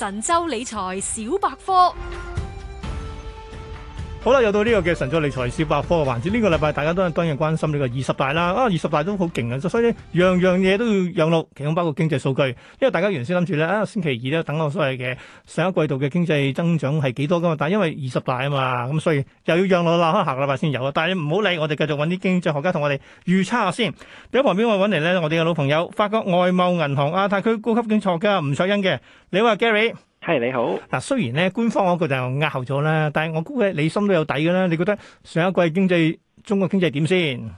神州理財小百科。好啦，又到呢個嘅神州理財小百科嘅環節。呢、這個禮拜大家都係當然關心呢個二十大啦。啊，二十大都好勁啊，所以樣樣嘢都要讓路，其中包括經濟數據。因為大家原先諗住咧，啊，星期二咧等我所謂嘅上一季度嘅經濟增長係幾多噶嘛？但係因為二十大啊嘛，咁所以又要讓路啦，下個禮拜先有啊。但係唔好理，我哋繼續揾啲經濟學家同我哋預測下先。你喺旁邊我揾嚟咧，我哋嘅老朋友法國外貿銀行亞太區高級經濟學家吳卓殷嘅，你話 Gary？係、hey, 你好嗱，雖然咧官方嗰個就壓後咗啦，但係我估計你心都有底噶啦。你覺得上一季經濟，中國經濟點先？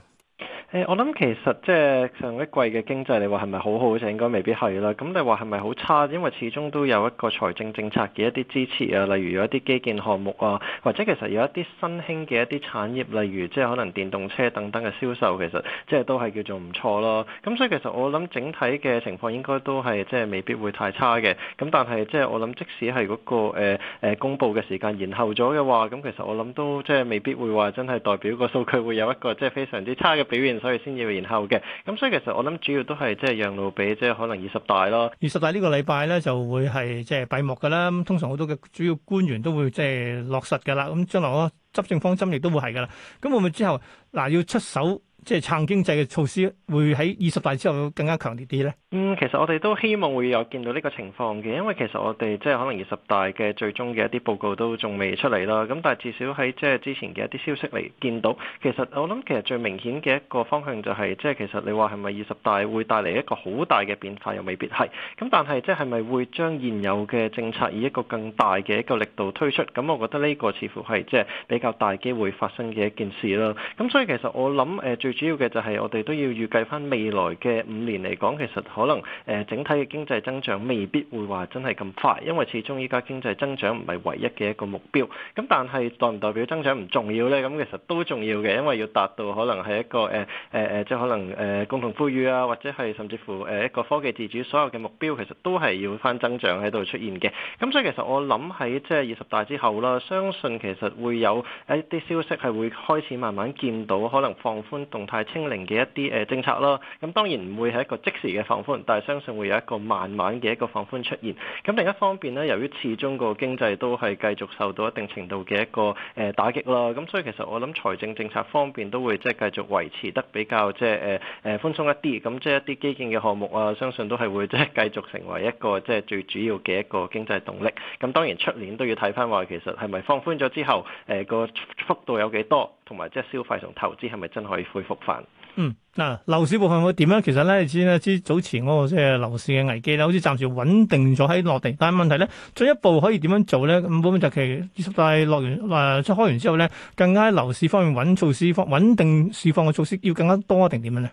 誒，我諗其實即係上一季嘅經濟，你話係咪好好？就應該未必係啦。咁你話係咪好差？因為始終都有一個財政政策嘅一啲支持啊，例如有一啲基建項目啊，或者其實有一啲新興嘅一啲產業，例如即係可能電動車等等嘅銷售，其實即係都係叫做唔錯咯。咁所以其實我諗整體嘅情況應該都係即係未必會太差嘅。咁但係即係我諗，即使係嗰個誒誒公佈嘅時間延後咗嘅話，咁其實我諗都即係未必會話真係代表個數據會有一個即係非常之差嘅表現。所以先要然後嘅，咁所以其實我諗主要都係即係讓路俾即係可能二十大咯。二十大呢個禮拜咧就會係即係閉幕㗎啦。咁通常好多嘅主要官員都會即係落實㗎喇。咁將來我執政方針亦都會係㗎喇。咁會唔會之後嗱要出手？即係撐經濟嘅措施會喺二十大之後更加強烈啲咧？嗯，其實我哋都希望會有見到呢個情況嘅，因為其實我哋即係可能二十大嘅最終嘅一啲報告都仲未出嚟啦。咁但係至少喺即係之前嘅一啲消息嚟見到，其實我諗其實最明顯嘅一個方向就係，即係其實你話係咪二十大會帶嚟一個好大嘅變化又未必係。咁但係即係係咪會將現有嘅政策以一個更大嘅一個力度推出？咁我覺得呢個似乎係即係比較大機會發生嘅一件事啦。咁所以其實我諗誒最。主要嘅就係我哋都要預計翻未來嘅五年嚟講，其實可能誒整體嘅經濟增長未必會話真係咁快，因為始終依家經濟增長唔係唯一嘅一個目標，咁但係代唔代表增長唔重要咧？咁其實都重要嘅，因為要達到可能係一個誒誒誒即係可能誒共同富裕啊，或者係甚至乎誒一個科技自主所有嘅目標，其實都係要翻增長喺度出現嘅。咁所以其實我諗喺即係二十大之後啦，相信其實會有一啲消息係會開始慢慢見到，可能放寬動。太清零嘅一啲誒政策咯，咁當然唔會係一個即時嘅放寬，但係相信會有一個慢慢嘅一個放寬出現。咁另一方面呢，由於始終個經濟都係繼續受到一定程度嘅一個誒打擊啦，咁所以其實我諗財政政策方面都會即係繼續維持得比較即係誒誒寬鬆一啲。咁即係一啲基建嘅項目啊，相信都係會即係繼續成為一個即係最主要嘅一個經濟動力。咁當然出年都要睇翻話，其實係咪放寬咗之後誒個幅度有幾多？同埋即係消費同投資係咪真可以恢復翻？嗯，嗱、啊，樓市部分會點咧？其實咧，你知咧，知早前嗰個即係樓市嘅危機咧，好似暫時穩定咗喺落地，但係問題咧，進一步可以點樣做咧？咁，咁本就其實二十大落完誒，即、呃、開完之後咧，更加喺樓市方面穩措施方穩定市況嘅措施，措施要更加多定點樣咧？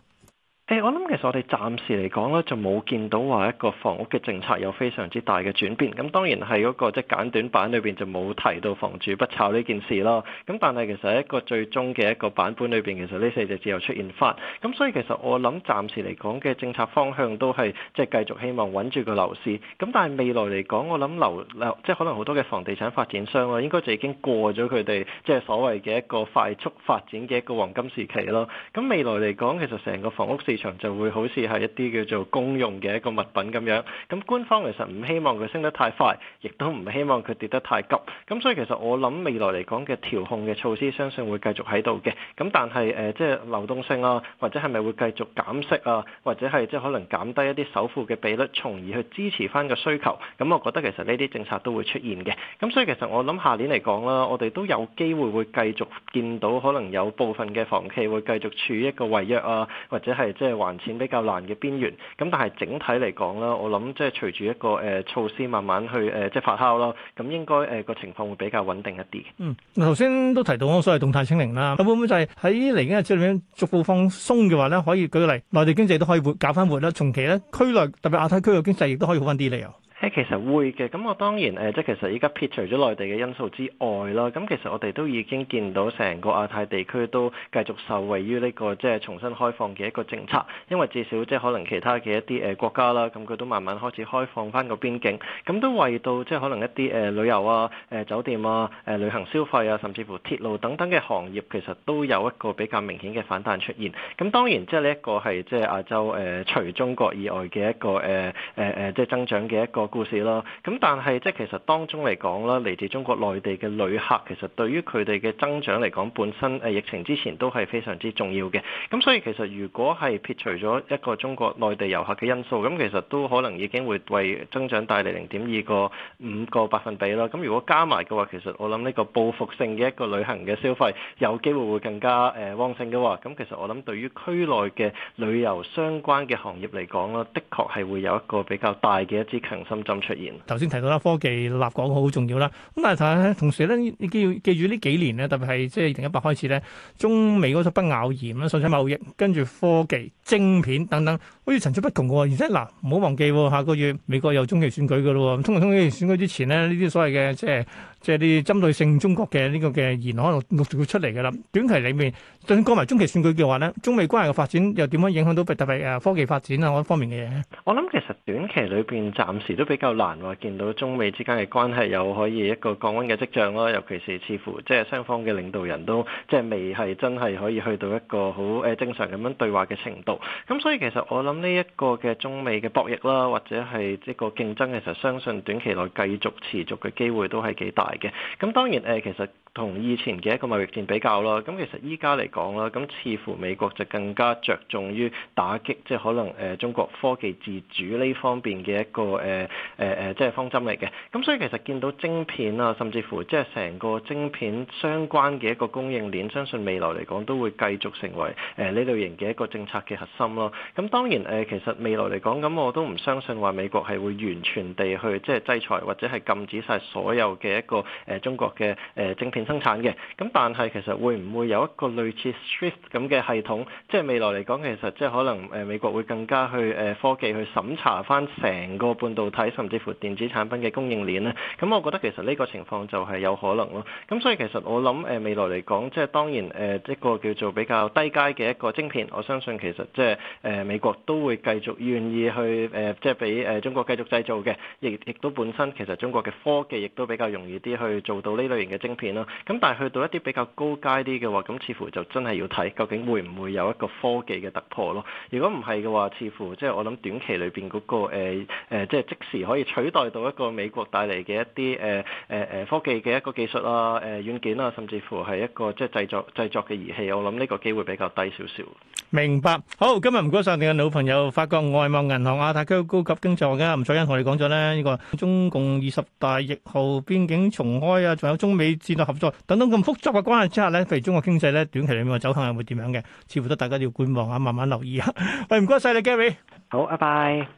誒，我諗其實我哋暫時嚟講咧，就冇見到話一個房屋嘅政策有非常之大嘅轉變。咁當然係嗰個即係簡短版裏邊就冇提到房住不炒呢件事咯。咁但係其實一個最終嘅一個版本裏邊，其實呢四隻字又出現返。咁所以其實我諗暫時嚟講嘅政策方向都係即係繼續希望穩住個樓市。咁但係未來嚟講，我諗樓即係可能好多嘅房地產發展商啦，應該就已經過咗佢哋即係所謂嘅一個快速發展嘅一個黃金時期咯。咁未來嚟講，其實成個房屋市，場就會好似係一啲叫做公用嘅一個物品咁樣，咁官方其實唔希望佢升得太快，亦都唔希望佢跌得太急，咁所以其實我諗未來嚟講嘅調控嘅措施，相信會繼續喺度嘅。咁但係誒、呃，即係流動性啊，或者係咪會繼續減息啊，或者係即係可能減低一啲首付嘅比率，從而去支持翻個需求。咁我覺得其實呢啲政策都會出現嘅。咁所以其實我諗下年嚟講啦，我哋都有機會會繼續見到可能有部分嘅房企會繼續處於一個違約啊，或者係即係，還錢比較難嘅邊緣，咁但係整體嚟講啦，我諗即係隨住一個誒措施慢慢去誒即係發酵咯，咁應該誒個情況會比較穩定一啲。嗯，頭先都提到我所謂動態清零啦，咁會唔會就係喺嚟緊嘅階段逐步放鬆嘅話咧，可以舉例，內地經濟都可以活搞翻活啦，從其咧區內特別亞太區嘅經濟亦都可以好翻啲理由？其實會嘅，咁我當然誒，即係其實依家撇除咗內地嘅因素之外啦，咁其實我哋都已經見到成個亞太地區都繼續受惠於呢個即係重新開放嘅一個政策，因為至少即係可能其他嘅一啲誒國家啦，咁佢都慢慢開始開放翻個邊境，咁都為到即係可能一啲誒旅遊啊、誒酒店啊、誒旅行消費啊，甚至乎鐵路等等嘅行業，其實都有一個比較明顯嘅反彈出現。咁當然即係呢一個係即係亞洲誒除中國以外嘅一個誒誒誒即係增長嘅一個，啊啊故事啦，咁但係即係其實當中嚟講啦，嚟自中國內地嘅旅客其實對於佢哋嘅增長嚟講，本身誒疫情之前都係非常之重要嘅。咁所以其實如果係撇除咗一個中國內地遊客嘅因素，咁其實都可能已經會為增長帶嚟零點二個五個百分比咯。咁如果加埋嘅話，其實我諗呢個報復性嘅一個旅行嘅消費，有機會會更加誒旺盛嘅話，咁其實我諗對於區內嘅旅遊相關嘅行業嚟講啦，的確係會有一個比較大嘅一支強心針。咁出現，頭先提到啦，科技立港好重要啦。咁但係同時咧，你記記住呢幾年咧，特別係即係二零一八開始咧，中美嗰出不咬言，啊，雙軸貿易，跟住科技晶片等等，好似層出不窮嘅。而且嗱，唔好忘記，下個月美國有中期選舉嘅嘞。咁通常中期選舉之前咧，呢啲所謂嘅即係即係啲針對性中國嘅呢個嘅言論陸陸續出嚟嘅啦。短期裏面，就算講埋中期選舉嘅話咧，中美關係嘅發展又點樣影響到特別誒科技發展啊嗰方面嘅嘢？我諗其實短期裏邊暫時都比較較難話見到中美之間嘅關係有可以一個降溫嘅跡象咯，尤其是似乎即係雙方嘅領導人都即係未係真係可以去到一個好誒正常咁樣對話嘅程度。咁所以其實我諗呢一個嘅中美嘅博弈啦，或者係一個競爭嘅時候，相信短期內繼續持續嘅機會都係幾大嘅。咁當然誒，其實同以前嘅一個貿易戰比較啦，咁其實依家嚟講啦，咁似乎美國就更加着重於打擊即係、就是、可能誒中國科技自主呢方面嘅一個誒。誒誒，即係方針嚟嘅，咁所以其實見到晶片啊，甚至乎即係成個晶片相關嘅一個供應鏈，相信未來嚟講都會繼續成為誒呢類型嘅一個政策嘅核心咯。咁當然誒，其實未來嚟講，咁我都唔相信話美國係會完全地去即係制裁或者係禁止晒所有嘅一個誒中國嘅誒晶片生產嘅。咁但係其實會唔會有一個類似 Swift 咁嘅系統？即係未來嚟講，其實即係可能誒美國會更加去誒科技去審查翻成個半導體。甚至乎電子產品嘅供應鏈咧，咁我覺得其實呢個情況就係有可能咯。咁所以其實我諗誒未來嚟講，即係當然誒一個叫做比較低階嘅一個晶片，我相信其實即係誒美國都會繼續願意去誒即係俾誒中國繼續製造嘅，亦亦都本身其實中國嘅科技亦都比較容易啲去做到呢類型嘅晶片咯。咁但係去到一啲比較高階啲嘅話，咁似乎就真係要睇究竟會唔會有一個科技嘅突破咯。如果唔係嘅話，似乎即係、就是、我諗短期裏邊嗰個誒誒即係即使。而可以取代到一個美國帶嚟嘅一啲誒誒誒科技嘅一個技術啊誒軟、呃、件啊，甚至乎係一個即係製作製作嘅儀器，我諗呢個機會比較低少少。明白，好，今日唔該晒你嘅老朋友，法國外貿銀行亞太區高級經濟學家吳卓殷同你講咗咧，呢、呢個中共二十大後邊境重開啊，仲有中美戰略合作等等咁複雜嘅關係之下咧，譬如中國經濟咧短期裏面嘅走向係會點樣嘅，似乎都大家都要觀望啊，慢慢留意啊。係唔該晒你 Gary，好，拜拜。